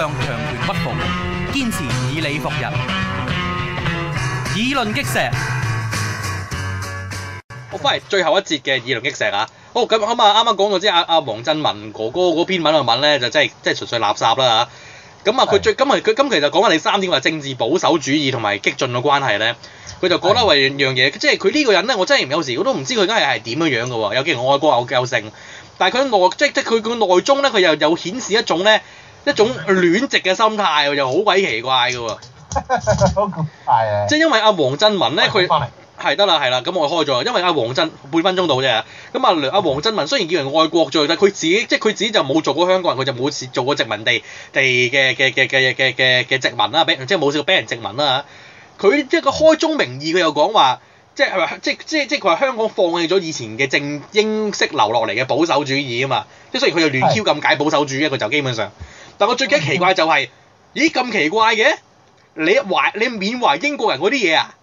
向強權不服，堅持以理服人。議論擊石，我翻嚟最後一節嘅議論擊石啊！好咁啱啊！啱啱講到啲阿阿王振民哥哥嗰篇文啊文咧，就真係真係純粹垃圾啦嚇！咁啊，佢最咁啊，佢今期就講緊你三點話政治保守主義同埋激進嘅關係咧，佢就覺得為樣嘢，的即係佢呢個人咧，我真係有時我都唔知佢而家係點樣樣嘅喎。有啲人愛國又有性，但係佢內即即佢個內中咧，佢又有顯示一種咧。一種戀殖嘅心態又好鬼奇怪嘅喎，係啊，即係因為阿王振民咧，佢係得啦，係啦，咁我開咗，因為阿王振半分鐘到啫。咁啊，阿王振民雖然叫人愛國罪，但佢自己即係佢自己就冇做過香港人，佢就冇試做過殖民地地嘅嘅嘅嘅嘅嘅嘅殖民啦，即係冇試過俾人殖民啦。佢即係個開宗明義，佢又講話，即係話即即即佢話香港放棄咗以前嘅正英式留落嚟嘅保守主義啊嘛，即係雖然佢又亂 Q 咁解保守主義，佢就，是就基本上。但我最驚奇怪就係、是，咦咁奇怪嘅？你懷你緬懷英國人嗰啲嘢啊？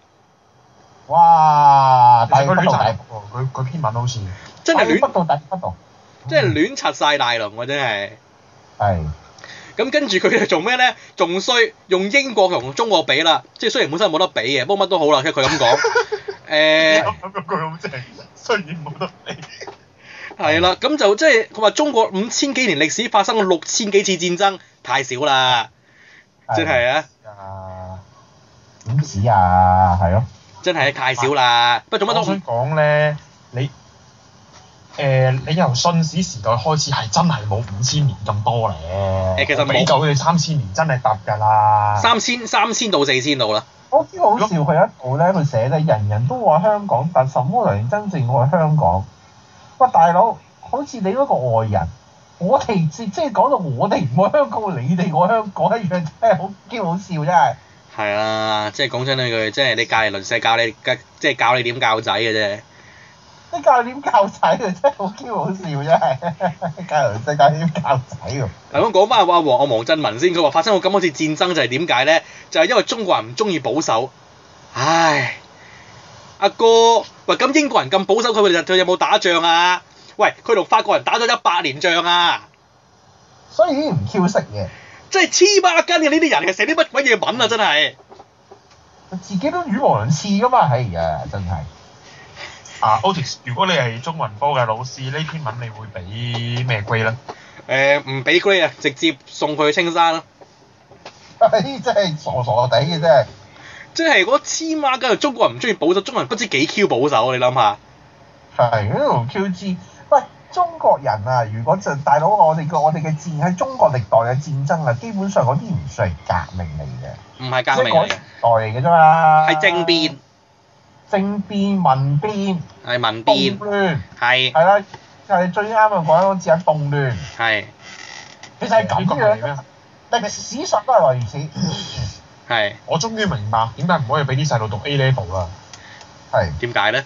哇！大亂大龍，佢佢篇文都好似真係亂不動大不動，真係亂拆晒大龍啊！真係係。咁的跟住佢又做咩咧？仲衰用英國同中國比啦，即係雖然本身冇得比嘅，不過乜都好啦，即係佢咁講。誒、 欸。講個句好正，雖然冇得比。係啦，咁、嗯嗯、就即係佢話中國五千幾年歷史發生六千幾次戰爭，太少啦，即係啊！點止啊？係咯、哎呀，真係太少啦。不過做乜都想講咧，你、呃、你由信史時代開始係真係冇五千年咁多咧。誒，其實好佢哋三千年真係得㗎啦。三千三千到四千度啦。我知好笑佢果一部咧，佢寫咧人人都話香港，但什麼人真正愛香港？大佬？好似你嗰個外人，我哋即係講到我哋唔愛香港，你哋愛香港一樣真係好幾好笑真係。係啊，即係講真啲句，即係你隔離鄰舍教你，即係教你點教仔嘅啫。你教你點教仔啊？真係好幾好笑真係。隔離鄰舍教你點教仔喎？嗱咁講翻話阿王阿王振民先，佢話發生過咁好似戰爭就係點解咧？就係因為中國人唔中意保守。唉。阿哥，喂，咁英國人咁保守佢，佢哋就有冇打仗啊？喂，佢同法國人打咗一百年仗啊！所以顯然唔橋式嘅，真係黐孖筋嘅呢啲人，係寫啲乜鬼嘢文啊！嗯、真係是，自己都語無倫次噶嘛，哎呀，真係。啊 Otis, S、uh, is, 如果你係中文科嘅老師，呢篇文你會俾咩 grade 啦？a 唔俾 grade 啊，呃、grade, 直接送佢去青山咯。 真係傻傻地嘅真係。即係嗰黐孖筋，中國人唔中意保守，中國人不知幾 Q 保守，你諗下。係、嗯、Q G。喂，中國人啊，如果就大佬我哋個我哋嘅戰喺中國歷代嘅戰爭啊，基本上嗰啲唔算革命嚟嘅。唔係革命嚟。時代嚟嘅啫嘛。係政變。政變、民變。係民變我講。動亂。係是。係啦，最啱就講嗰個字係動亂。係。其實係咁講嚟嘅，歷史上都係話如此。 係，我終於明白點解唔可以俾啲細路讀 A level 啦。係點解咧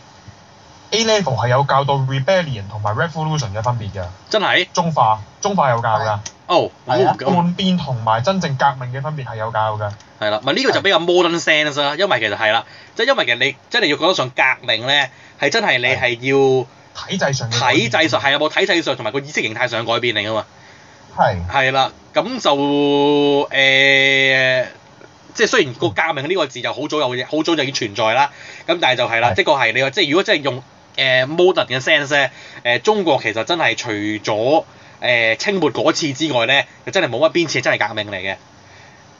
？A level 係有教到 rebellion 同埋 revolution 嘅分別㗎。真係？中化，中化有教㗎。哦，叛變同埋真正革命嘅分別係有教㗎。係啦，咪呢個就比較 modern sense 啦。因為其實係啦，即係因為其實你真係要講得上革命咧，係真係你係要體制上體制上係有冇體制上同埋個意識形態上改變嚟㗎嘛。係。係啦，咁就誒。即係雖然個革命呢個字就好早有好早就已經存在啦。咁但係就係啦，即係個係你話，即係如果真係用誒 modern 嘅 sense 咧，誒中國其實真係除咗誒清末嗰次之外咧，就真係冇乜邊次真係革命嚟嘅。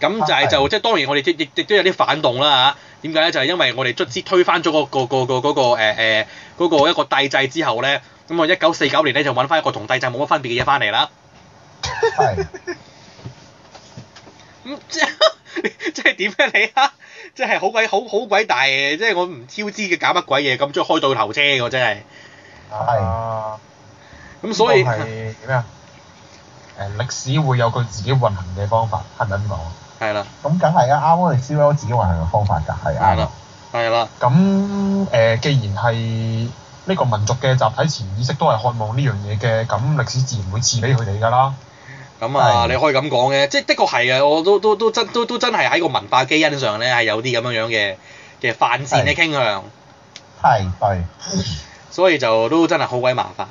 咁就係就即係當然我哋亦亦都有啲反動啦嚇。點解咧？就係因為我哋卒之推翻咗個個個個嗰個誒誒一個帝制之後咧，咁啊一九四九年咧就揾翻一個同帝制冇乜分別嘅嘢翻嚟啦。係。咁 即係即係點樣你啊！即係好鬼好好鬼大嘅，即係我唔挑支嘅搞乜鬼嘢，咁中意開對頭車嘅我真係。係。咁所以點咩啊？誒、呃，歷史會有佢自己運行嘅方法，係咪？係先喎？係啦。咁梗係啊，啱我哋史有自己運行嘅方法㗎，係啱。係啦。咁誒、呃，既然係呢個民族嘅集體潛意識都係渴望呢樣嘢嘅，咁歷史自然會賜俾佢哋㗎啦。咁啊，是你可以咁講嘅，即係的確係嘅，我都都都，都，都真都都真係喺個文化基因上咧，係有啲咁樣樣嘅嘅犯賤嘅傾向。係，對。所以就都真係好鬼麻煩，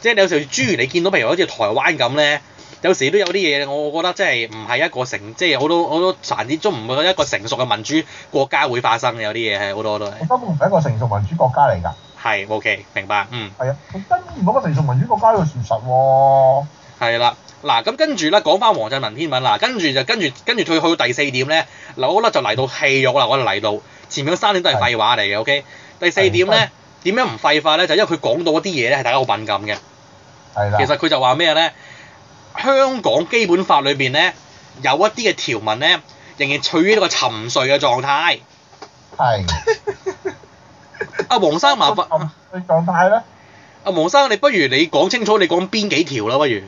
即係你有時候你譬如你見到譬如好似台灣咁咧，有時都有啲嘢，我覺得即係唔係一個成，即係好多好多殘子，中唔會一個成熟嘅民主國家會發生嘅有啲嘢係好多好多。根本唔係一個成熟民主國家嚟㗎。係，OK，明白，嗯。係啊，根本唔係一個成熟民主國家，呢個事實喎、哦。係啦，嗱咁跟住咧，講翻王振民篇文啦，跟住就跟住跟住佢去到第四點咧，嗱嗰粒就嚟到戲肉啦，我哋嚟到前邊三點都係廢話嚟嘅的，OK？第四點咧，點樣唔廢話咧？就是、因為佢講到嗰啲嘢咧係大家好敏感嘅，係啦的。其實佢就話咩咧？香港基本法裏邊咧有一啲嘅條文咧仍然處於呢個沉睡嘅狀態。係的。阿黃 生麻煩。咩狀態咧？阿王生，你不如你講清楚，你講邊幾條啦？不如，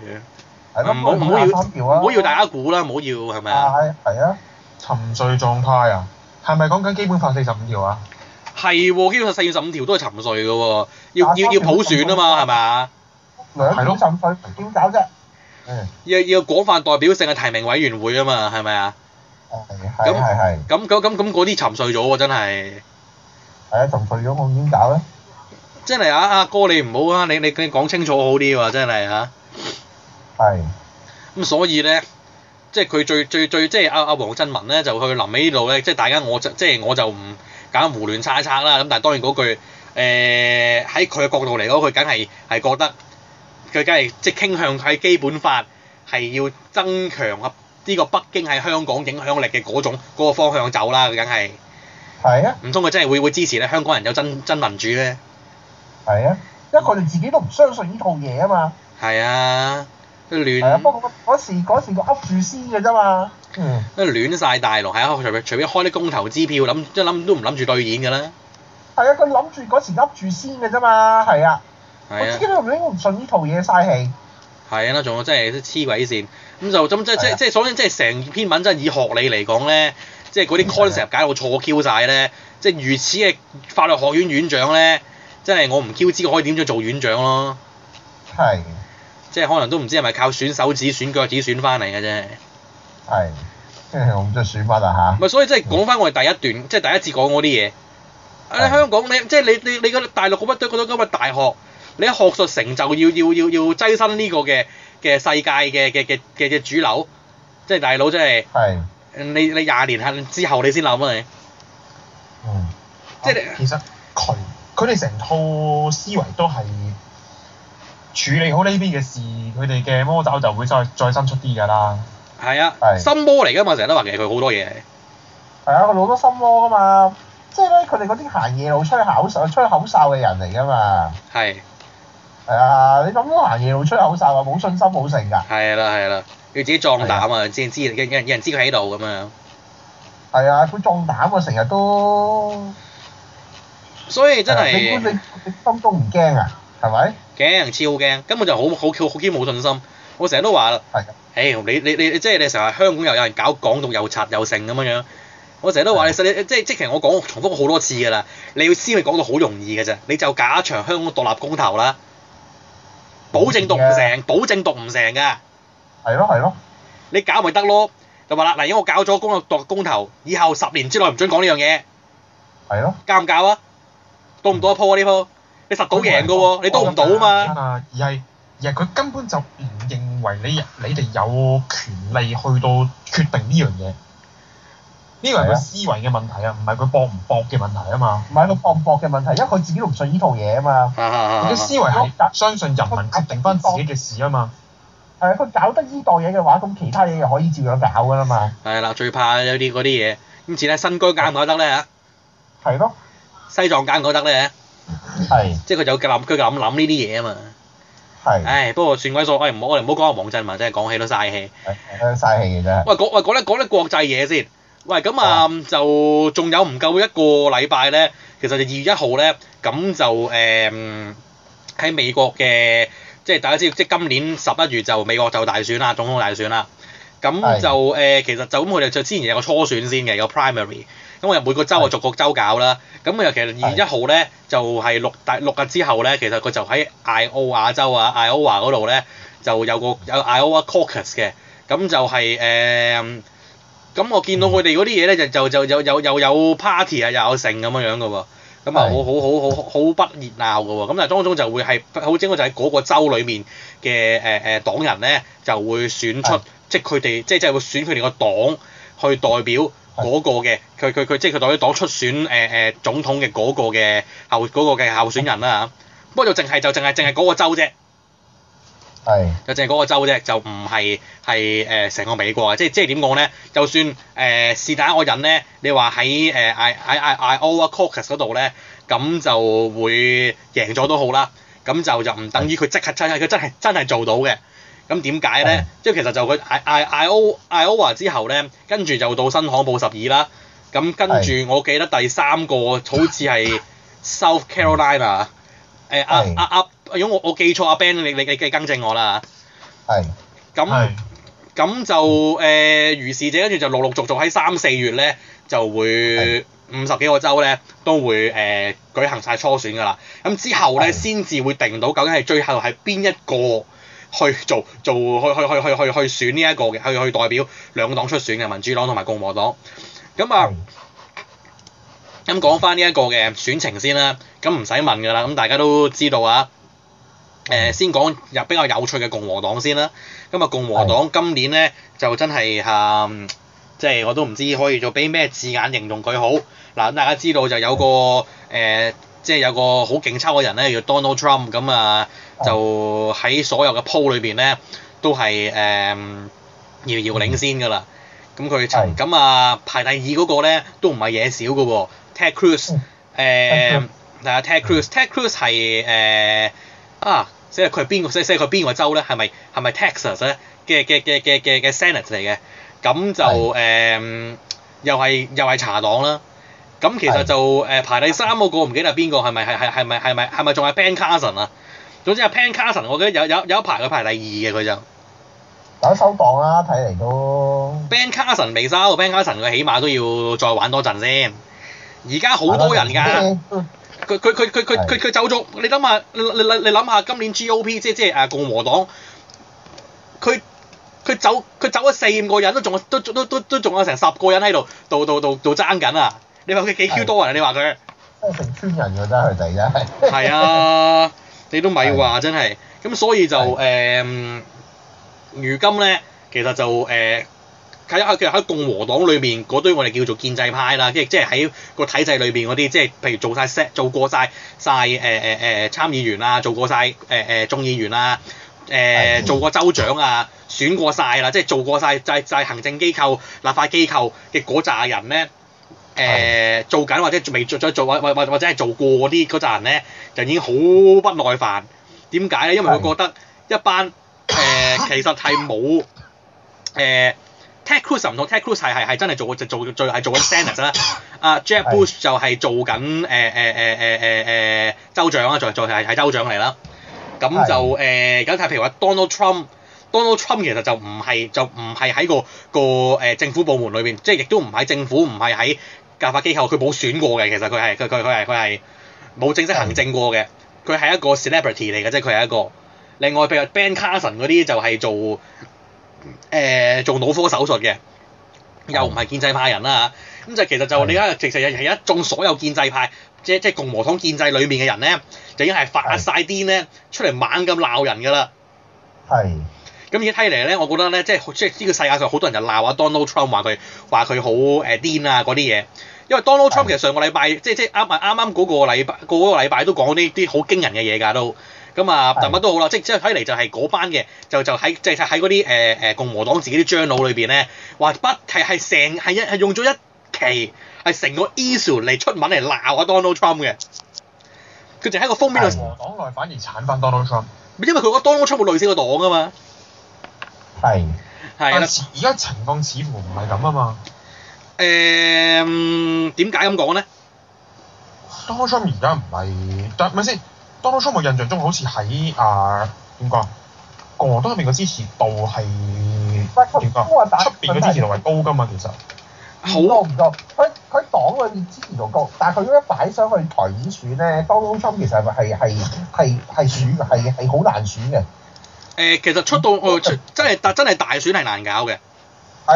唔好唔好要唔好要大家估啦，唔好要係咪啊？係啊。沉睡狀態啊？係咪講緊基本法四十五條啊？係喎，基本法四十五條都係沉睡嘅喎，要要要普選啊嘛，係咪啊？係囉，沉睡，點搞啫？要要廣泛代表性嘅提名委員會啊嘛，係咪啊？哦，係啊。係咁咁咁嗰啲沉睡咗喎，真係。係啊，沉睡咗，我點搞咧？真係啊！阿哥你唔好啊！你你你講清楚好啲喎、啊，真係啊！係咁的，所以咧，即係佢最最最即係阿阿王振民咧，就去臨尾呢度咧，即係大家我就，即係我就唔搞胡亂猜測啦。咁但係當然嗰句誒喺佢嘅角度嚟講，佢梗係係覺得佢梗係即係傾向喺基本法係要增強啊呢個北京喺香港影響力嘅嗰種嗰、嗰個方向走啦。佢梗係係啊！唔通佢真係會會支持咧香港人有真真民主咧？係啊，因為佢哋自己都唔相信呢套嘢啊嘛。係啊，都亂。係啊，不過嗰嗰時嗰時佢噏住先嘅啫嘛。嗯。都亂晒大龍，係啊，隨便隨便開啲公投支票，諗即係諗都唔諗住兌現㗎啦。係啊，佢諗住嗰時噏住先嘅啫嘛，係啊。係啊。我自己都唔應該唔信呢套嘢嘥氣。係啊，仲有真係黐鬼線，咁就咁即即即，所以、啊、即係成篇文真係以學理嚟講咧，即係嗰啲 concept 解到錯 Q 晒咧，啊、即係如此嘅法律學院院長咧。即係我唔 Q 知，我可以點樣做院長咯？係是。即係可能都唔知係咪靠選手指、選腳趾選翻嚟嘅啫。係。即係好中意選筆啊吓？唔係，所以即係講翻我哋第一段，嗯、即係第一節講我啲嘢。喺是、哎、香港，你即係你你你大陸不覺得大陸嗰乜堆嗰啲咁嘅大學，你喺學術成就要要要要躋身呢個嘅嘅世界嘅嘅嘅嘅嘅主流，即係大佬即係。係是。你你廿年之後你先諗啊你。嗯。即係是。其實佢。佢哋成套思維都係處理好呢邊嘅事，佢哋嘅魔爪就會再再伸出啲㗎啦。係啊，係是。心魔嚟㗎嘛，成日都話其實佢好多嘢。係啊，佢好多心魔㗎嘛，即係咧佢哋嗰啲行夜路吹口哨吹口哨嘅人嚟㗎嘛。係。係啊，你咁行夜路吹口哨啊，冇信心冇成㗎。係啦係啦，要自己壯膽啊！知知有有人有人知佢喺度咁樣。係啊，佢壯膽啊，成日都。所以真係，你心中唔驚啊？係咪？驚，超驚，根本就好好好堅冇信心。我成日都話，係嘅。誒，你你你即係你成日香港又有人搞港獨又插又成咁樣樣。我成日都話你實你即係即其實我講重複好多次㗎啦。你要先講到好容易㗎啫，你就搞一場香港獨立公投啦，保證獨唔成，保證獨唔成嘅。係咯係咯。你搞咪得咯？就話啦嗱，因為我搞咗個獨立公投，以後十年之內唔準講呢樣嘢。係咯。搞唔搞啊？多唔多一鋪啊？呢鋪、嗯、你實賭贏嘅喎，打打你賭唔到啊嘛。啊啊啊而係而係佢根本就唔認為你你哋有權利去到決定呢樣嘢。呢個係佢思維嘅問題啊，唔係佢博唔博嘅問題啊嘛。唔係佢個博唔博嘅問題，因為佢自己都唔信呢套嘢啊嘛。啊啊佢、啊、思維係、啊、相信人民決定翻自己嘅事啊嘛。誒、啊，佢搞得呢代嘢嘅話，咁其他嘢又可以照樣搞㗎啦嘛。係啦，最怕有啲嗰啲嘢，咁而家新居搞唔搞得咧嚇？係咯。西藏間嗰得咧，係是，即係佢就咁，佢咁諗呢啲嘢啊嘛，係是，唉，不過算鬼數，唉，唔好，我哋唔好講阿王振民，真係講起都嘥氣，都嘥氣嘅啫。喂，講喂講咧講咧國際嘢先，喂咁啊就仲有唔夠一個禮拜咧，其實就二月一號咧，咁就誒喺美國嘅，即係大家知，即係今年十一月就美國就大選啦，總統大選啦，咁就誒的、呃、其實就咁佢哋就之前有個初選先嘅，有 primary。咁因為每個州啊，逐個州搞啦。咁啊，其實二月一號咧，就係、是、六大六日之後咧，其實佢就喺艾奧亞州啊、艾奧華嗰度咧，就有個有愛奧華 caucus 嘅。咁就係、是、誒，咁、呃、我見到佢哋嗰啲嘢咧，就就就有有又有 party 啊，又有成咁樣樣嘅喎。咁啊是的，好好好好好不熱鬧嘅喎。咁啊，當中就會係好正就喺嗰個州裡面嘅誒誒黨人咧，就會選出，是的 即係佢哋即係即係會選佢哋個黨去代表。嗰個嘅，佢佢佢即係佢代表黨出選誒誒、呃、總統嘅嗰個嘅嗰嘅候選人啦、啊、嚇，不過就淨係就淨係淨係嗰個州啫，就淨係嗰個州啫，就唔係成個美國嘅，即係即係點講咧？就算誒是但一個人咧，你話喺、呃、i 艾艾艾艾奧瓦 caucus 嗰度咧，咁就會贏咗都好啦，咁就就唔等於佢即刻真係佢真係真係做到嘅。咁點解咧？即係是其實就佢 I I, Iowa Iowa 之後咧，跟住就到新罕布什爾啦。咁跟住我記得第三個好似係 South Carolina 是啊。誒阿如果我我記錯阿、啊、Ben，你你你跟正我啦。係。咁咁就誒、呃、如是者，跟住就陸陸續續喺三四月咧，就會五十幾個州咧都會誒、呃、舉行晒初選㗎啦。咁之後咧先至會定到究竟係最後係邊一個。去做做去去去去去選呢、這、一個嘅去去代表兩黨出選嘅民主黨同埋共和黨，咁啊咁講翻呢一個嘅選情先啦、啊，咁唔使問㗎啦，咁大家都知道啊，誒、呃、先講入比較有趣嘅共和黨先啦、啊，咁啊共和黨今年咧就真係嚇，即、啊、係、就是、我都唔知可以做俾咩字眼形容佢好，嗱、啊、大家知道就有個誒即係有個好勁抽嘅人咧叫 Donald Trump 咁啊。就喺所有嘅鋪裏邊咧，都係誒、嗯、遙遙領先㗎啦。咁佢咁啊排第二嗰個咧都唔係嘢少嘅喎，Ted Cruz、嗯。誒，係啊，Ted Cruz。Ted Cruz 係誒啊，即係佢係邊個？即係佢邊個州咧？係咪係咪 Texas 咧？嘅嘅嘅嘅嘅嘅 Senate 嚟嘅，咁就誒是、嗯、又係又係茶黨啦。咁其實就誒是排第三嗰個我唔記得係邊個？係咪係係係咪係咪係咪仲係 Ben Carson 啊？總之阿 Ben Carson 我記得有有有一排佢排第二嘅，佢就等收檔啦、啊，睇嚟都 Ben Carson 未收，Ben Carson 佢起碼都要再玩多陣先。而家好多人㗎，佢佢佢佢佢佢佢走咗。你諗下，你你你諗下今年 G O P 即即誒共和黨，佢佢走佢走咗四五個人都仲有，都都都都仲有成十個人喺度，度度度度爭緊啊！你話佢幾 Q 多人？是的你話佢真係成千人㗎爭佢第一，係。係 啊！你都咪話是的 真係，咁所以就是的、呃、如今咧其實就喺喺、呃、共和黨裏面嗰堆我哋叫做建制派啦，即係即係喺個體制裏面嗰啲，即係譬如做晒，set，做過晒，晒誒參議員啊，做過晒誒、呃、眾議員啊，做過州長啊，選過晒啦，即係做過晒是的 行政機構、立法機構嘅嗰扎人咧。誒、呃、做緊或者未再再做或或或者係做過啲嗰陣咧，就已經好不耐煩。點解咧？因為佢覺得一班誒是的、呃、其實係冇誒 Ted Cruz 唔同 Ted Cruz 係係係真係做做做最係做緊 Senate 啦。阿、 uh, Jeb Bush 就係做緊誒誒誒誒誒誒州長啦，仲係仲係州長嚟啦。咁就誒咁睇譬如話 Donald Trump，Donald Trump 其實就唔係就唔係喺個個誒、呃、政府部門裏邊，即係亦都唔喺政府，唔係喺。教法機構佢冇選過嘅，其實佢係佢佢佢係佢係冇正式行政過嘅，佢係的一個 celebrity 嚟嘅，即係佢係一個。另外譬如 Ben Carson 嗰啲就係做誒、呃、做腦科手術嘅，又唔係建制派人啦咁、哦、就其實就你睇，是的其實日日一眾所有建制派，即係即係共和黨建制裡面嘅人咧，就已經係發晒癲咧，的出嚟猛咁鬧人㗎啦。係。咁而家睇嚟咧，我覺得咧，即係即係呢個世界上好多人就鬧啊，Donald Trump 話佢話佢好誒癲啊嗰啲嘢。因為 Donald Trump 是的其實上個禮拜，即係即係啱啱啱嗰個禮個嗰個禮拜都講呢啲好驚人嘅嘢㗎都。咁啊，但乜都好啦，的即係即係睇嚟就係嗰班嘅，就就喺即係喺嗰啲誒誒共和黨自己啲將佬裏邊咧，話不提係成係一係用咗一期係成個 issue 嚟出文嚟鬧啊 Donald Trump 嘅。佢淨喺個封面啊！共和黨內反而鏟翻 Donald Trump，因為佢覺得 Donald Trump 冇類似個黨啊嘛。係，係，但係而家情況似乎唔係咁啊嘛。誒點解咁講咧？Donald Trump 而家唔係，但咪先？Donald Trump 我印象中好似喺啊點講啊，個都係邊支持度係點出邊嘅支持度係高㗎嘛，其實好唔錯。佢佢黨裏面支持度高，但係佢如果擺上去台選選咧，Donald Trump 其實係係係係選係好難選嘅。呃、其實出到我、呃、真係真係大選係難搞嘅，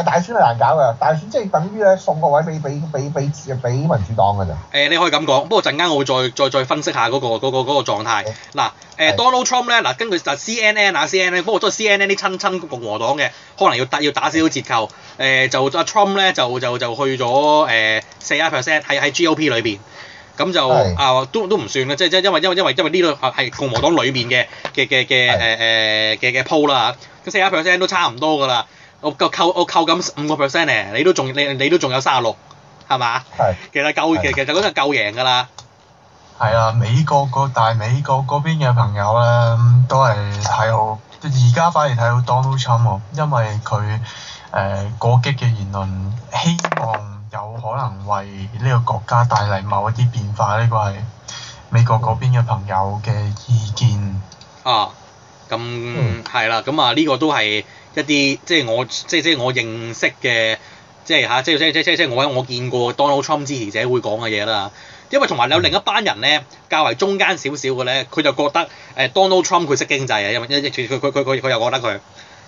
大選係難搞嘅，大選即係等於咧送個位俾俾俾俾俾民主黨㗎咋、呃。你可以咁講，不過陣間我會再再再分析一下嗰、嗰個嗰、嗰個嗰個狀態。嗱，Donald Trump 咧嗱，根據就 C N N 啊 C N N 不過都係 C N N 啲親親共和黨嘅，可能要打要打少少折扣。呃、就阿 Trump 咧就就就去咗四十 percent 喺喺 G O P 裏面。咁就是的 啊都都唔算啦，即係即係因為因為因為因為呢度係係共和黨裏面嘅嘅嘅嘅誒誒嘅嘅鋪啦嚇，咁四啊 percent 都差唔多㗎喇，我扣扣我扣緊五個 percent 你都仲你你都仲有卅六，係嘛？係，其實夠，嘅，其實嗰陣夠贏㗎喇。係啊，美國個大美國嗰邊嘅朋友咧，都係睇好，而家反而睇好 Donald Trump 因為佢誒、呃、過激嘅言論，希望。有可能為呢個國家帶嚟某一啲變化，呢個係美國嗰邊嘅朋友嘅意見。啊，咁係啦，咁啊呢個都係一啲即係我即係即係我認識嘅，即係即係即係即係即我我見過 Donald Trump 支持者會講嘅嘢啦。因為同埋有，有另一班人咧，嗯、較為中間少少嘅咧，佢就覺得誒 Donald Trump 佢識經濟啊，因為佢佢佢佢佢又覺得佢誒、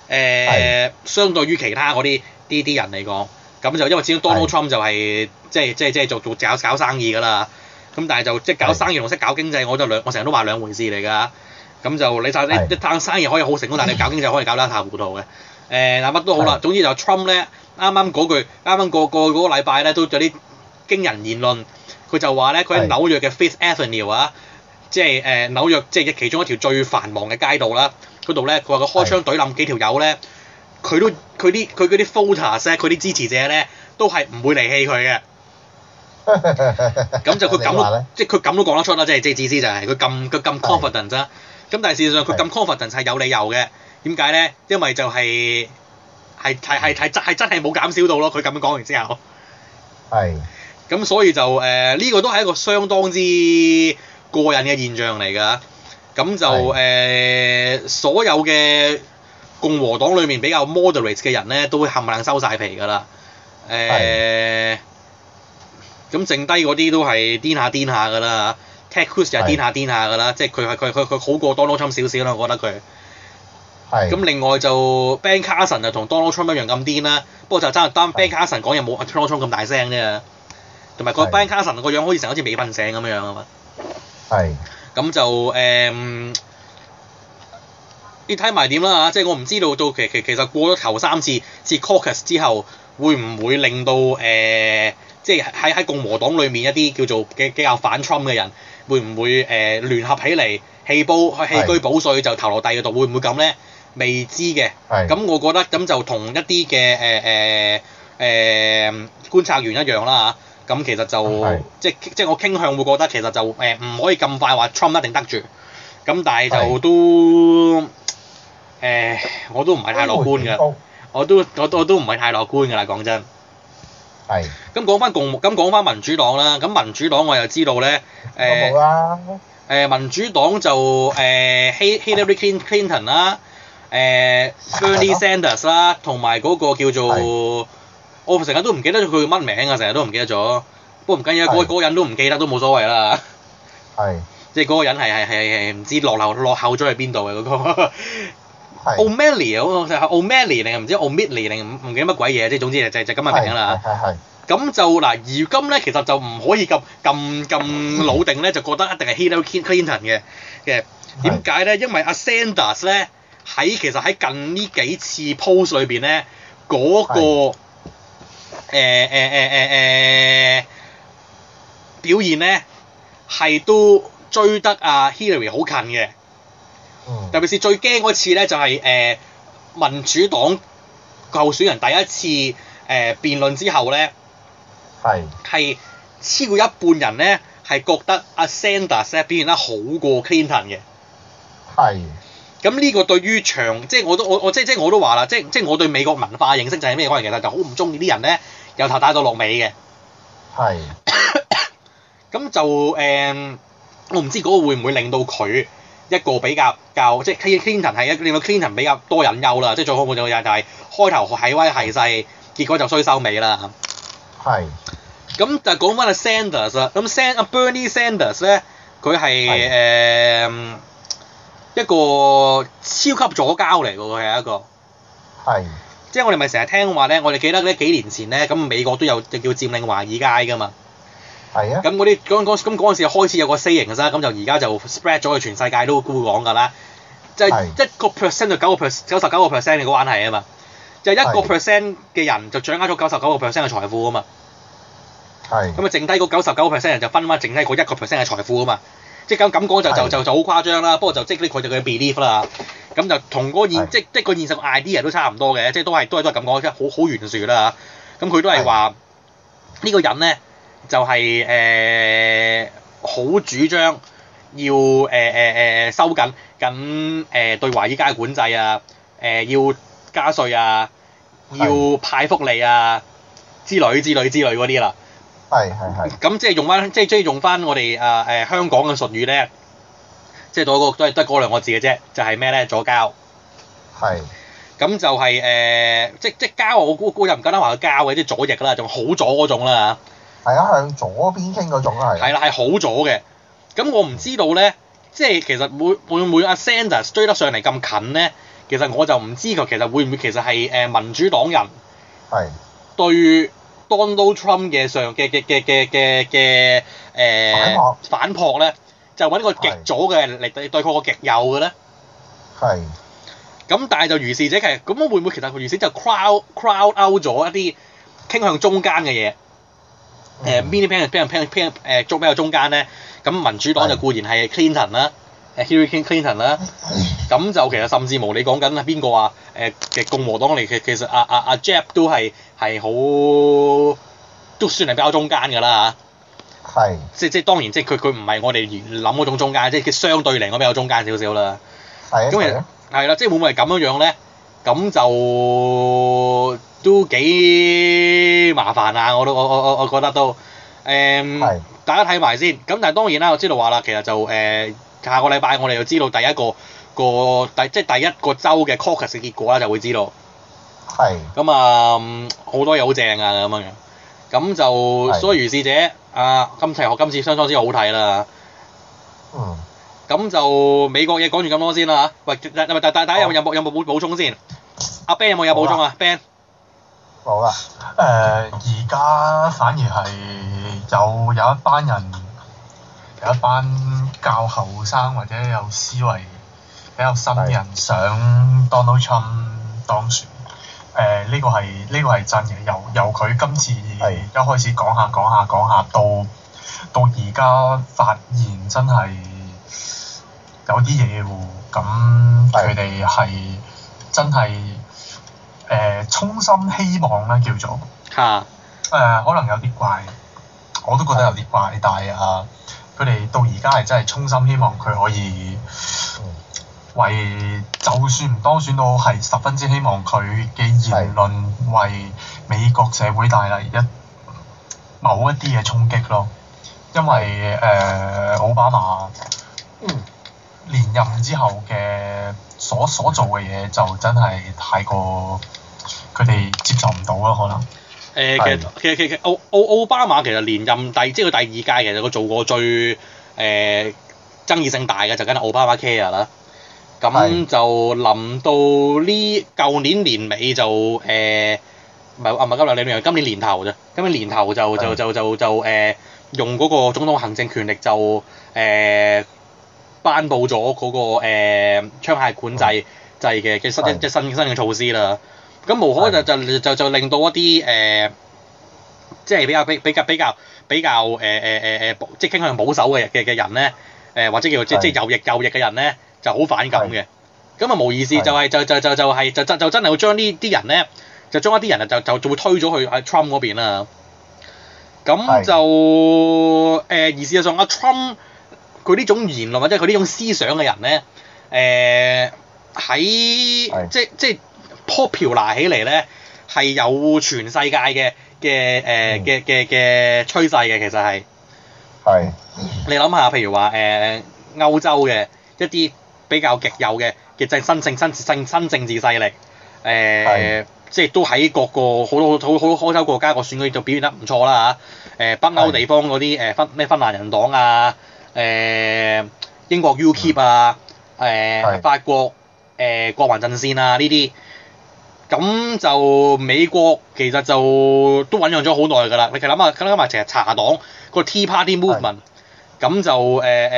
呃、是相對於其他嗰啲啲啲人嚟講。咁就因為始終 Donald Trump 就係即係即係即係做做搞搞生意噶啦，咁但係就即係搞生意同識搞經濟，是我覺得兩我成日都話兩回事嚟㗎。咁就你就一一攤生意可以好成功， 但係你搞經濟可以搞得一塌糊塗嘅。誒嗱乜都好啦，是總之就 Trump 咧，啱啱嗰句，啱啱過過嗰個禮拜咧都有啲驚人言論，佢就話咧佢喺紐約嘅 Fifth Avenue 啊，是即係誒、呃、紐約即係其中一條最繁忙嘅街道啦、啊，嗰度咧佢話佢開槍懟冧幾條友咧。佢都佢啲佢嗰啲 voters 佢啲支持者咧都係唔會離棄佢嘅。咁就佢咁都即係佢咁都講得出啦，即係即係意思就係佢咁佢咁 confident 啫。咁但係事實上佢咁 confident 係有理由嘅。點解咧？因為就係係係係真係真係冇減少到咯。佢咁樣講完之後。係。咁所以就誒呢個都係一個相當之過癮嘅現象嚟㗎。咁就誒所有嘅。共和黨裏面比較 moderate 嘅人咧，都會冚唪唥收晒皮㗎啦。誒是、呃，咁剩低嗰啲都係癲下癲是 下㗎啦。Ted Cruz 又癲下癲下㗎啦，即係佢係佢佢佢好過 Donald Trump 少少啦，我覺得佢。係。咁另外就 Ben Carson 就同 Donald Trump 一樣咁癲啦，不過就爭在 Ben Carson 講嘢冇 Donald Trump 咁大聲啫。同埋個 Ben Carson 個樣好似成日好似未瞓醒咁樣樣啊嘛。係是。咁就誒。你睇埋點啦嚇，即係我唔知道到其其其實過咗頭三次次 Caucus 之後，會唔會令到誒、呃，即係喺喺共和黨裡面一啲叫做比較反 Trump 嘅人，會唔會誒、呃、聯合起嚟棄保棄居補稅就投落第二度，是會唔會咁咧？未知嘅。咁是我覺得咁就同一啲嘅誒誒誒觀察員一樣啦嚇。咁其實就是即即我傾向會覺得其實就誒唔、呃、可以咁快話 Trump 一定得住。咁但係就都。誒，我都唔係太樂觀㗎，我都我都我都唔係太樂觀㗎啦，講真。係。咁講翻共，咁講翻民主黨啦，咁民主黨我又知道咧，誒，誒民主黨就誒希希拉里 Clinton 啦，誒 Bernie Sanders 啦，同埋嗰個叫做，我成日都唔記得咗佢乜名啊，成日都唔記得咗，不過唔緊要，個個人都唔記得都冇所謂啦。係。即係嗰個人係係係係唔知落後落後咗去邊度嘅嗰個。是 o m l 麥 y 啊，就係 l l 尼定唔知奧 l l 定唔唔記得乜鬼嘢，即係總之就就就咁嘅名名啦，咁就嗱，如今咧其實就唔可以咁咁咁老定咧，就覺得一定係 Hillary Clinton 嘅嘅。點解咧？因為阿 Sanders 咧喺其實喺近呢幾次 post 裏邊咧，嗰、那個誒誒誒誒表現咧係都追得啊 Hillary 好近嘅。特別是最驚嗰次咧、就是，就係誒民主黨候選人第一次誒、呃、辯論之後咧，係係是 超過一半人咧係覺得阿 Sanders 表現得好過 Clinton 嘅，係。咁呢個對於長，即係我都我我，我即即我都話啦，即即我對美國文化嘅認識就係咩可能其實就好唔中意啲人咧，由頭打到落尾嘅，係 。咁就誒、呃，我唔知嗰個會唔會令到佢？一個比較較即係 Clinton 係一令到 Clinton 比較多隱憂啦，即係最好冇嘅就係開頭係威係勢，結果就衰收尾啦。係。咁就講翻阿 Sanders 啦，咁 San 阿 Bernie Sanders 咧，佢係誒一個超級左膠嚟個喎佢係一個。係。即係我哋咪成日聽話咧，我哋記得咧幾年前咧，咁美國都有就叫佔領華爾街㗎嘛。係啊，咁嗰啲嗰咁嗰陣時開始有個 say 型嘅啫，咁就而家就 spread 咗去全世界都孤講㗎啦。即係一個 percent 就九個 percent，九十九個 percent 嘅關係啊嘛。就一個 percent 嘅人就掌握咗九十九個 percent 嘅財富啊嘛。係。咁啊，剩低嗰九十九個 percent 人就分翻剩低嗰一個 percent 嘅財富啊嘛。即係咁咁講就就就就好誇張啦。不過就即係呢個就佢 belief 啦。咁就同、那個現的即即個現實 idea 都差唔多嘅，即係都係都係都係咁講，即係好好圓殊啦嚇。咁佢都係話呢個人咧。就係誒好主張要誒誒誒收緊緊，誒、呃、對華爾街嘅管制啊！誒、呃、要加稅啊，要派福利啊的之類之類之類嗰啲啦。係係係。咁即係用翻，即係中意用翻我哋啊誒香港嘅術語咧，即係到嗰個都係得嗰兩個字嘅啫，就係咩咧？左膠。係的。咁就係、是、誒、呃，即即膠我估我又唔簡單話佢膠嘅，即、就、係、是、左翼啦，仲、就、好、是、左嗰種啦係啊，向左邊傾嗰種啊，係啦係好左嘅。咁我唔知道咧，即係其實會會唔會阿 Sanders 追得上嚟咁近咧？其實我就唔知佢其實會唔會其實係誒民主黨人對 Donald Trump 嘅上嘅嘅嘅嘅嘅嘅誒反撲撲反撲咧？就揾個極左嘅嚟對對抗個極右嘅咧。係是。咁但係就如是者其實，咁會唔會其實佢如是就 crowd crowd out 咗一啲傾向中間嘅嘢？誒邊啲偏向偏向中比較中間咧？咁、嗯呃、民主黨就固然係 Clinton 啦是，誒、啊、Hillary Clinton 啦、啊。咁就、 嗯、其實甚至無你講緊啊邊個話？誒嘅共和黨嚟，其其實阿阿阿 Jeb 都係係好，都算係比較中間㗎啦嚇。係是。即即當然即佢佢唔係我哋諗嗰種中間，即佢相對嚟講比較中間少少啦。係咁係係啦，即會唔會係咁樣呢樣咧？咁就。都幾麻煩啊！我都我我我我覺得都誒，大家睇埋先。咁但係當然啦，我知道話啦，其實就誒下個禮拜我哋就知道第一個個第即係第一個週嘅 caucus 嘅結果啦，就會知道。係。咁啊，好多嘢好正啊咁樣樣。咁就所以如是者，啊今次學今次雙雙先好睇啦。嗯。咁就美國嘢講完咁多先啦嚇。喂，大大大大家有冇有冇有冇補補充先？阿 Ben 有冇有補充啊？Ben。冇啦。誒而家反而係有有一班人，有一班較後生或者有思維比較深嘅人想 Donald Trump 當選。誒呢是、呃這個係呢、這個係真嘅，由由佢今次一開始講下講下講下到到而家發現真係有啲嘢喎。咁佢哋係真係。誒、呃，衷心希望啦，叫做嚇，誒、呃、可能有啲怪，我都覺得有啲怪，但係啊，佢哋到而家係真係衷心希望佢可以為，就算唔當選到，係十分之希望佢嘅言論為美國社會帶嚟一某一啲嘅衝擊咯，因為誒、呃、奧巴馬、嗯、連任之後嘅所所做嘅嘢就真係太過。佢哋接受唔到咯，可能。誒，其實其實其實奧巴馬其實連任第即係佢第二屆，其實佢做過最誒、呃、爭議性大嘅就梗係奧巴馬 care 啦。咁就臨到呢舊年年尾就誒，唔係啊唔係急啦，你諗今年年頭啫，今年年頭就是 就就就就，就、呃、用嗰個總統行政權力就誒，頒、呃、布咗嗰、那個槍、呃、槍械管制制嘅嘅新一是 新嘅新嘅措施啦。咁無可就就就就，就令到一啲誒、呃就是呃呃，即係比較比比較比較比較誒誒誒誒即係傾向保守嘅嘅嘅人咧，誒、呃、或者叫是的 即即右翼右翼嘅人咧，就好反感嘅。咁啊是的 無意思，是的 就係、是、就就就就係就，就真就真係會將呢啲人咧，就將一啲人就就仲會推咗去阿 Trump 嗰邊啦。咁就誒是的、呃，而事實上阿 Trump 佢呢種言論或者佢呢種思想嘅人咧，誒喺即即。即.撻票拿起嚟咧，係有全世界嘅嘅誒嘅嘅嘅趨勢嘅，其實係係是你諗下，譬如話誒、呃、歐洲嘅一啲比較極右嘅嘅即係新政新政新政治勢力，誒、呃、是即係都喺各個好多好多好多歐洲國家個選舉度表現得唔錯啦嚇。誒、呃、北歐地方嗰啲誒芬咩芬蘭人黨啊，誒、呃、英國 UKIP 啊，誒法國誒、呃、國民陣線啊呢啲。咁就美國其實就都醖釀咗好耐㗎啦。你想想想想其實諗下，諗下其實茶黨個 Tea Party Movement，咁是的 就誒誒誒誒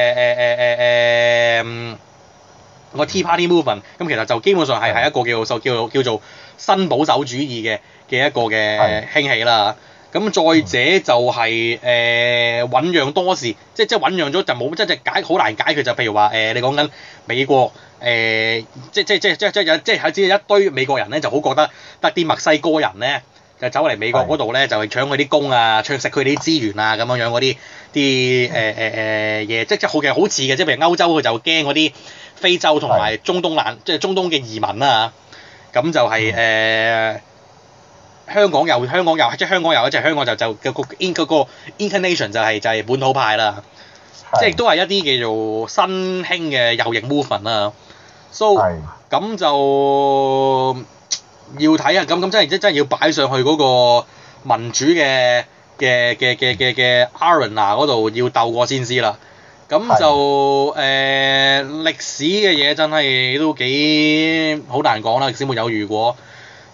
誒誒個 Tea Party Movement，咁其實就基本上係係一個叫就是的 叫叫做新保守主義嘅嘅一個嘅興起啦。咁再者就係誒醖釀多時，即係即係醖釀咗就冇即係解好難解決，就譬如話、呃、你講緊美國誒、呃、即即即即即即只係一堆美國人咧就好覺得得啲墨西哥人咧就走嚟美國嗰度咧就係搶佢啲工啊，搶食佢哋啲資源啊，咁樣樣嗰啲啲嘢，即即好嘅好似嘅，即譬如歐洲佢就驚嗰啲非洲同埋中東難的即中東嘅移民啦、啊、咁就係、是嗯呃香港又香港又即係香港又即係香港就就個個 in 嗰個 inclination 就係就係本土派啦，即係都係一啲叫做新興嘅右翼 movement 啦，So 咁就要睇啊，咁咁真係真真係要擺上去嗰個民主嘅嘅嘅嘅嘅嘅 arena 嗰度要鬥過先知啦，咁就誒歷史嘅嘢真係都幾好難講啦，歷史沒有如果。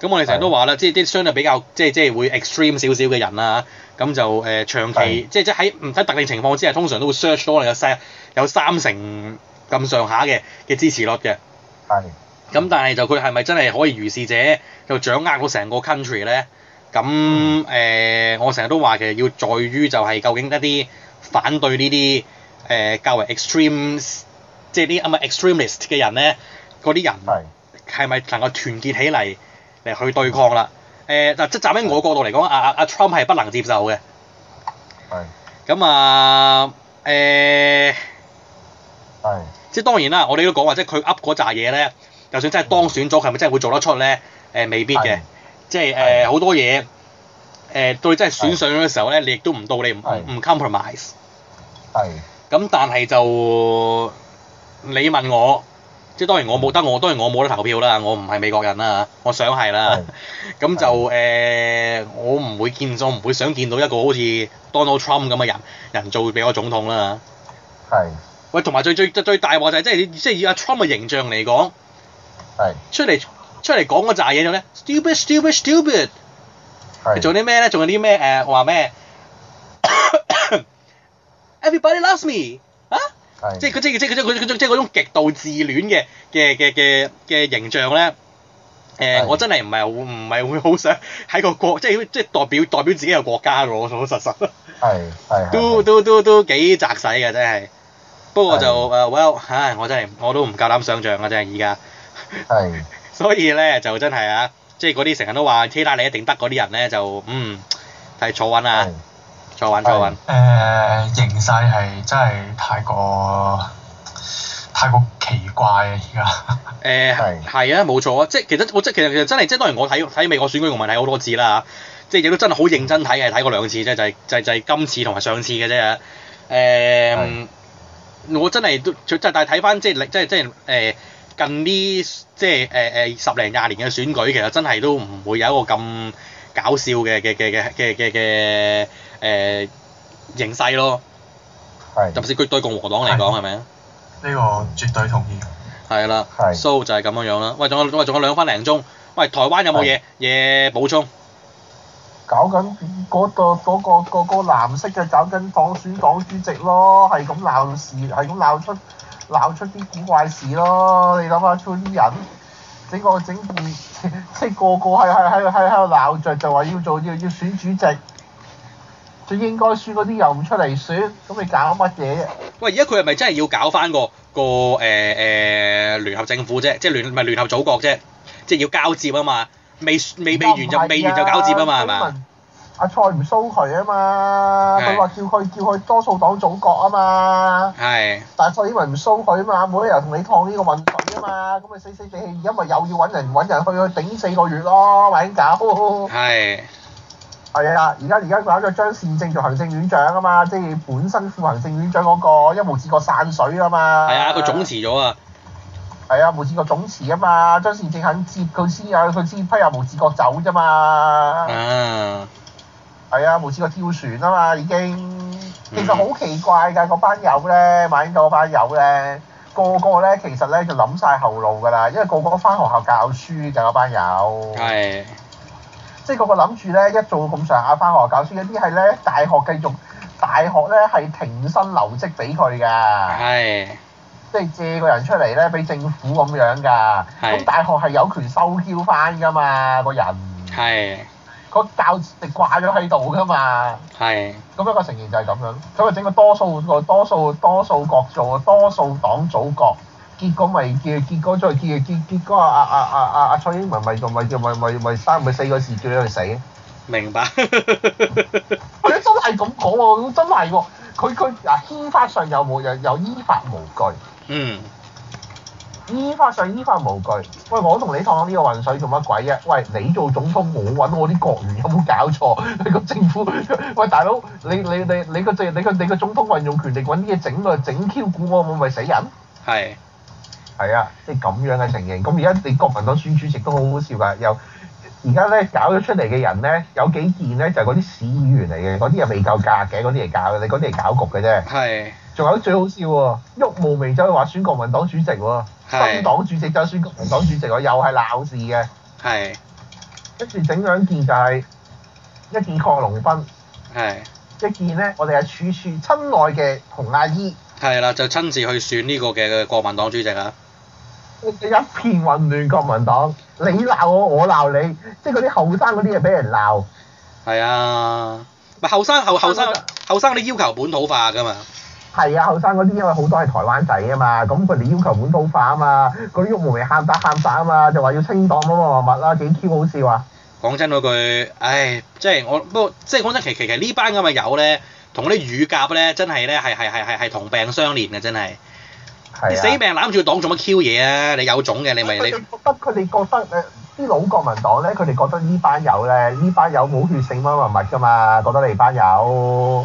咁我哋成日都話啦是的，即係啲相對就比較即係即係會 extreme 少少嘅人啊，咁就誒、呃、長期是的 即係即喺唔喺特定情況之下，通常都會 search 多，有細有三成咁上下嘅嘅支持率嘅。係是的。咁但係就佢係咪真係可以如是者就掌握到成個 country 咧？咁誒、嗯呃，我成日都話其實要在於就係究竟一啲反對呢啲誒較為 extreme，即係啲咁啊 extremist 嘅人咧，嗰啲人係咪能夠團結起嚟？嚟去對抗啦，誒嗱即站喺我角度嚟講，阿阿阿 Trump 係不能接受嘅，係是的、啊，咁啊誒，係是的，即係當然啦，我哋都講話，即係佢噏嗰扎嘢咧，就算真係當選咗，佢係咪真係會做得出咧？誒、呃、未必嘅，是的 即係誒好多嘢，誒、呃、到真係選上嘅時候咧，是的 你亦都唔到你，你唔唔 compromise，係，咁但係就你問我。即係當然我冇得我當然我冇得投票啦，我唔係美國人啦，我想係啦，咁是 就誒是、呃、我唔會見到唔會想見到一個好似 Donald Trump 咁嘅人人做美國總統啦。係是。喂，同埋最最最大鑊就係即係即係以阿 Trump 嘅形象嚟講，係是出嚟出嚟講嗰炸嘢仲咧，stupid，stupid，stupid，係做啲咩咧？仲是有啲咩誒話咩？Everybody loves me。即係即即即即即嗰種極度自戀嘅嘅嘅嘅嘅形象咧，呃、是的 我真係唔係唔係會好想喺個國即係即係代表代表自己個國家咯，我好實在。係係。都都都都，都幾擲世嘅真係，不過就 well 唉，我真係我，我都唔夠膽想像啊真係而家。是的 所以咧就真係啊，即係嗰啲成日都話希拉莉一定得嗰啲人咧就嗯係坐穩啦。再玩再誒是玩、呃、形勢係真係太過太過奇怪啊！而家係係啊，冇錯啊！即係其實我即係其實其實真係即係當然我睇睇美國選舉同埋睇好多次啦，即係亦都真係好認真睇嘅，睇過兩次即係就係、是、就係、是、就係、是、今次同埋上次嘅啫。誒、呃，是我真係都即係但係睇翻即係即係、呃、即係誒近呢即係誒誒十零廿年嘅選舉，其實真係都唔會有一個咁搞笑嘅嘅嘅嘅嘅嘅。誒形勢咯，特別是佢對共和黨嚟講係咪啊？呢個絕對同意。係啦，So 就係咁嘅樣啦。喂，仲有，喂，仲有兩分零鐘。喂，台灣有冇嘢嘢補充？搞緊嗰個嗰個嗰個藍色嘅搞緊當選港主席咯，係咁鬧事，係咁鬧出鬧出啲古怪事咯。你諗下，村人整個整件即係個個係係喺度喺度鬧著，就話要做要要選主席。佢應該選嗰啲又唔出嚟選，咁你搞乜嘢啊？喂，而家佢係咪真係要搞翻個個誒誒聯合政府啫？即係聯唔係聯合組閣啫？即係要交接啊嘛？未未未完就未完就交接啊嘛？係咪？阿蔡唔蘇佢啊嘛？佢話叫佢叫佢多數黨組閣啊嘛？係。但係蔡英文唔蘇佢啊嘛？冇理由同你趟呢個混水啊嘛？咁咪死死地氣，而家咪又要揾人揾人去去頂四個月咯，揾狗。係。係啊，而家而家搞咗張善政做行政院長啊嘛，即係本身副行政院長嗰個因為毛治國散水啊嘛。係啊，佢總辭咗啊。係啊，毛治國總辭啊嘛，張善政肯接佢先有佢先批，又毛治國走啫嘛。嗯、啊。係啊，毛治國跳船啊嘛，已經。其實好奇怪㗎，嗰、嗯、班友咧馬英九嗰班友咧，個個咧其實咧就諗晒後路㗎啦，因為個個翻學校教書㗎嗰班友。係即係個個諗住咧，一做咁上下返學教書，一啲係咧大學繼續，大學咧係停薪留職俾佢㗎，係是，即係借個人出嚟咧俾政府咁樣㗎，咁是大學係有權收繳返㗎嘛，個人，係是，個教士係掛咗喺度㗎嘛，係是，咁一個成員就係咁樣，所以整個多數個多數多數國做多數黨組閣。結果咪叫結果再叫叫結果啊啊啊啊啊蔡英文咪咪咪咪咪三咪四個字叫你去死？明白。佢真係咁講喎，真係喎。佢佢嗱，憲法上有冇有有依法無據？嗯。依法上依法無據。喂，我同你趟呢個混水做乜鬼呀？喂，你做總統，我揾我啲國員有冇搞錯？你個政府，喂大佬，你你你你個你個你個總統運用權力揾啲嘢整落整僥估我，我會唔會死人。係。係啊，即係咁樣嘅情形。咁而家你國民黨選主席都好好笑㗎，又而家咧搞咗出嚟嘅人咧，有幾件咧就係嗰啲市議員嚟嘅，嗰啲又未夠格嘅，嗰啲嚟搞嘅，嗰啲嚟搞局嘅啫。係是。仲有最好笑喎，郁慕明就話選國民黨主席喎，新黨主席就選國民黨主席喎，又係鬧事嘅。係。跟住整兩件就係一件抗龍賓，係。一件咧，我哋係處處親愛嘅洪阿姨。係啦，就親自去選呢個嘅國民黨主席啊！一片混亂，國民黨，你鬧我，我鬧你，即係嗰啲後生嗰啲啊，俾人鬧。係啊，唔係後生後後生後生嗰啲要求本土化㗎嘛。係啊，後生嗰啲因為好多係台灣仔啊嘛，咁佢哋要求本土化啊嘛，嗰啲鬱梅喊打喊打啊嘛，就話要清黨啊嘛，乜乜啦，幾 Q 好笑啊！講真嗰句，唉，即、就、係、是、我不過即係講真，其其其呢班咁啊有咧，同啲乳鴿咧，真係咧係係係係係同病相憐嘅，真係。你死命攬住黨做乜 Q 嘢啊？你有種嘅，你咪你。不佢覺得，不佢哋覺得誒啲老國民黨咧，佢哋覺得呢班友咧，呢班友冇血性乜乜物噶嘛，覺得你班友。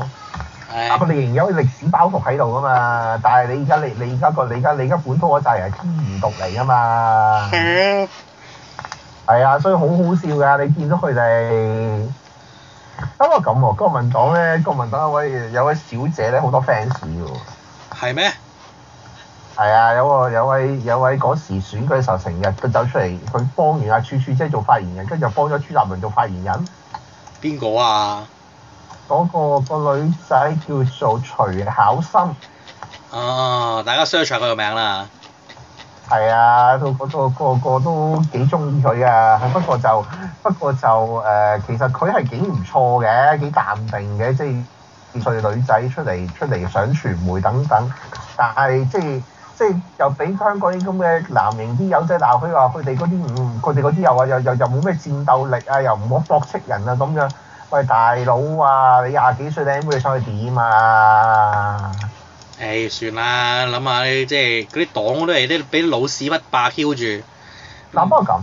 係。不過佢哋仍然有歷史包袱喺度噶嘛，但係你而家你你而家個你而家你而家本土嗰陣係天然獨嚟噶嘛。嗯。係啊，所以好好笑㗎，你見到佢哋。不過咁喎，國民黨咧，國民黨有位有位小姐咧，好多 fans 喎。係咩？係啊，有個有位有位嗰時選舉嘅時候，成日佢走出嚟，佢幫完阿柱柱即係做發言人，跟住又幫咗朱立倫做發言人。邊個啊？嗰、嗰個、嗰個女仔叫做徐巧芯。哦，大家 search 下佢嘅名啦。係啊，都個個個個都幾中意佢嘅，不過就不過就誒、呃，其實佢係幾唔錯嘅，幾淡定嘅，即、就、係、是、二歲女仔出嚟出嚟上傳媒等等，但係即係。就是即係又俾香港啲咁嘅南營啲友仔鬧，佢話佢哋嗰啲唔，佢哋嗰啲又話又又又冇咩戰鬥力啊，又唔好駁斥人啊咁樣。喂，大佬啊，你廿幾歲靚妹，你想去點啊？誒，算啦，諗下你即係嗰啲黨都係啲俾老屎忽霸住。嗱，不過咁，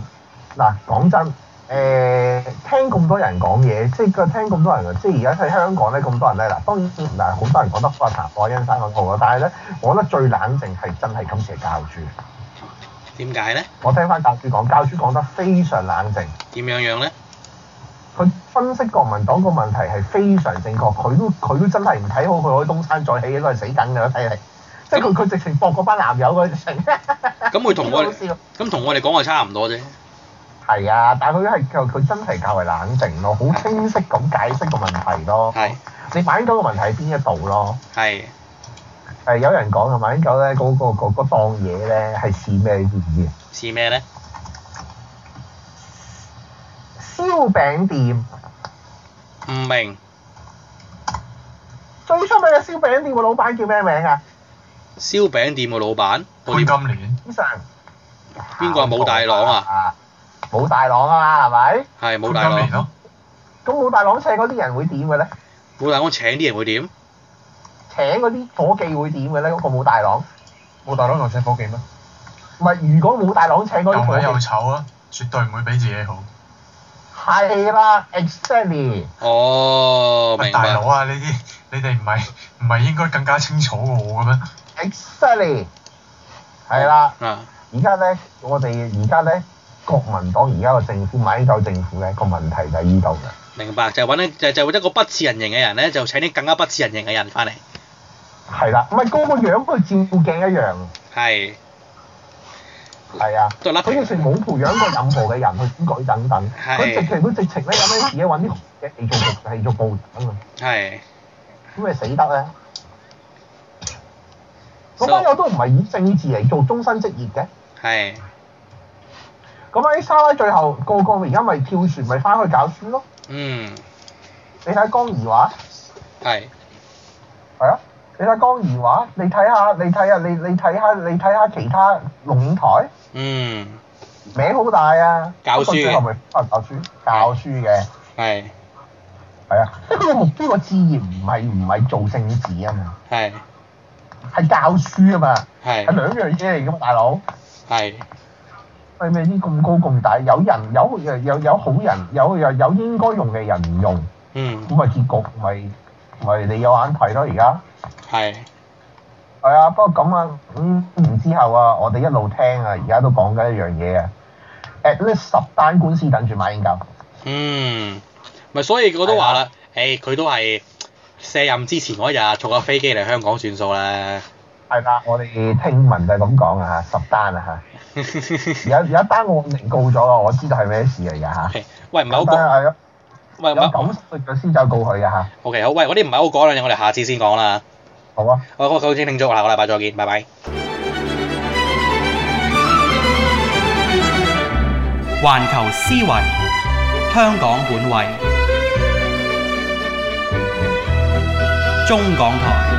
嗱，講真。誒、呃、聽咁多人講嘢，即係個聽咁多人，即係而家喺香港咧咁多人咧。嗱，當然，嗱好多人講得都係查愛因斯坦嗰個啦。但係咧，我覺得最冷靜係真係今次嘅教主。點解咧？我聽翻教主講，教主講得非常冷靜。點樣樣咧？佢分析國民黨個問題係非常正確，佢都佢都真係唔睇好佢可以東山再起，都係死梗㗎，睇嚟。即係佢佢直情搏嗰班男友㗎，直情。咁佢同我咁同 我哋講係差唔多啫。係啊，但係佢係佢真係較為冷靜咯，好清晰咁解釋個問題咯。係，你馬英九個問題喺邊一度咯？係，係有人講同馬英九咧，嗰個嗰嗰檔嘢咧係試咩？你知唔知啊？試咩咧？燒餅店。唔明。最出名嘅燒餅店嘅老闆叫咩名啊？燒餅店嘅老闆？潘金蓮。邊個啊？武大郎啊？武大郎啊，係咪？係武大郎。咁武大郎請嗰啲人會點嘅咧？武大郎請啲人會點？請嗰啲夥計會點嘅咧？嗰個武大郎。武大郎又請夥計咩？唔係，如果武大郎請嗰啲夥計。又矮又醜啊！絕對唔會比自己好。係啦，exactly。哦，明白。大佬啊，呢啲你哋唔係唔係應該更加清楚我嘅咩？exactly，係啦。嗯。而家咧，我哋而家咧。國民黨而家個政府買呢代政府嘅個問題就係呢度啦。明白，就揾咧，就就一個不似人形嘅人咧，就請啲更加不似人形嘅人翻嚟。係啦，唔係個個樣都係照照鏡一樣。係。係啊。所以成冇培養過任何嘅人去等等。係。佢直情都直情咧，有咩事嘢揾啲嘅去做，去做暴徒啊嘛。係。咁咪死得咧？咁啱我都唔係以政治嚟做終身職業嘅。係。咁喺沙灘最後個個而家咪跳船咪翻去教書咯。嗯。你睇江宜樺。係。係啊。你睇江宜樺，你睇下，你睇下，你你睇下，你睇下其他龍台。嗯。名好大啊。教書係咪咪翻教書？教書嘅。係。係啊。個目標個志業唔係唔係做政治啊嘛。係。係教書啊嘛。係。係兩樣嘢嚟噶嘛，大佬。係。係咪啲咁高咁大？有人有有有好人有有有應該用嘅人唔用，嗯，咁咪結局咪咪、就是就是、你有眼睇咯。而家係係啊，不過咁啊，咁、嗯、然、嗯、之後啊，我哋一路聽啊，而家都講緊一樣嘢啊。誒，咁十單官司等住馬英九，嗯，咪所以我、啊、嘿都話啦，誒，佢都係卸任之前嗰日坐個飛機嚟香港算數啦係啦，我哋聽聞就係咁講啊，十單啊，有有一單我明告咗啦，我知道係咩事嚟㗎吓。喂，唔係好講，係咯。喂，唔係九十歲就先走去告佢嘅吓。OK，好，喂，嗰啲唔係好講嘅嘢，我哋下次先講啦。好啊。我今日先聽咗，下個禮拜再見，拜拜。環球思維，香港本位，中港台。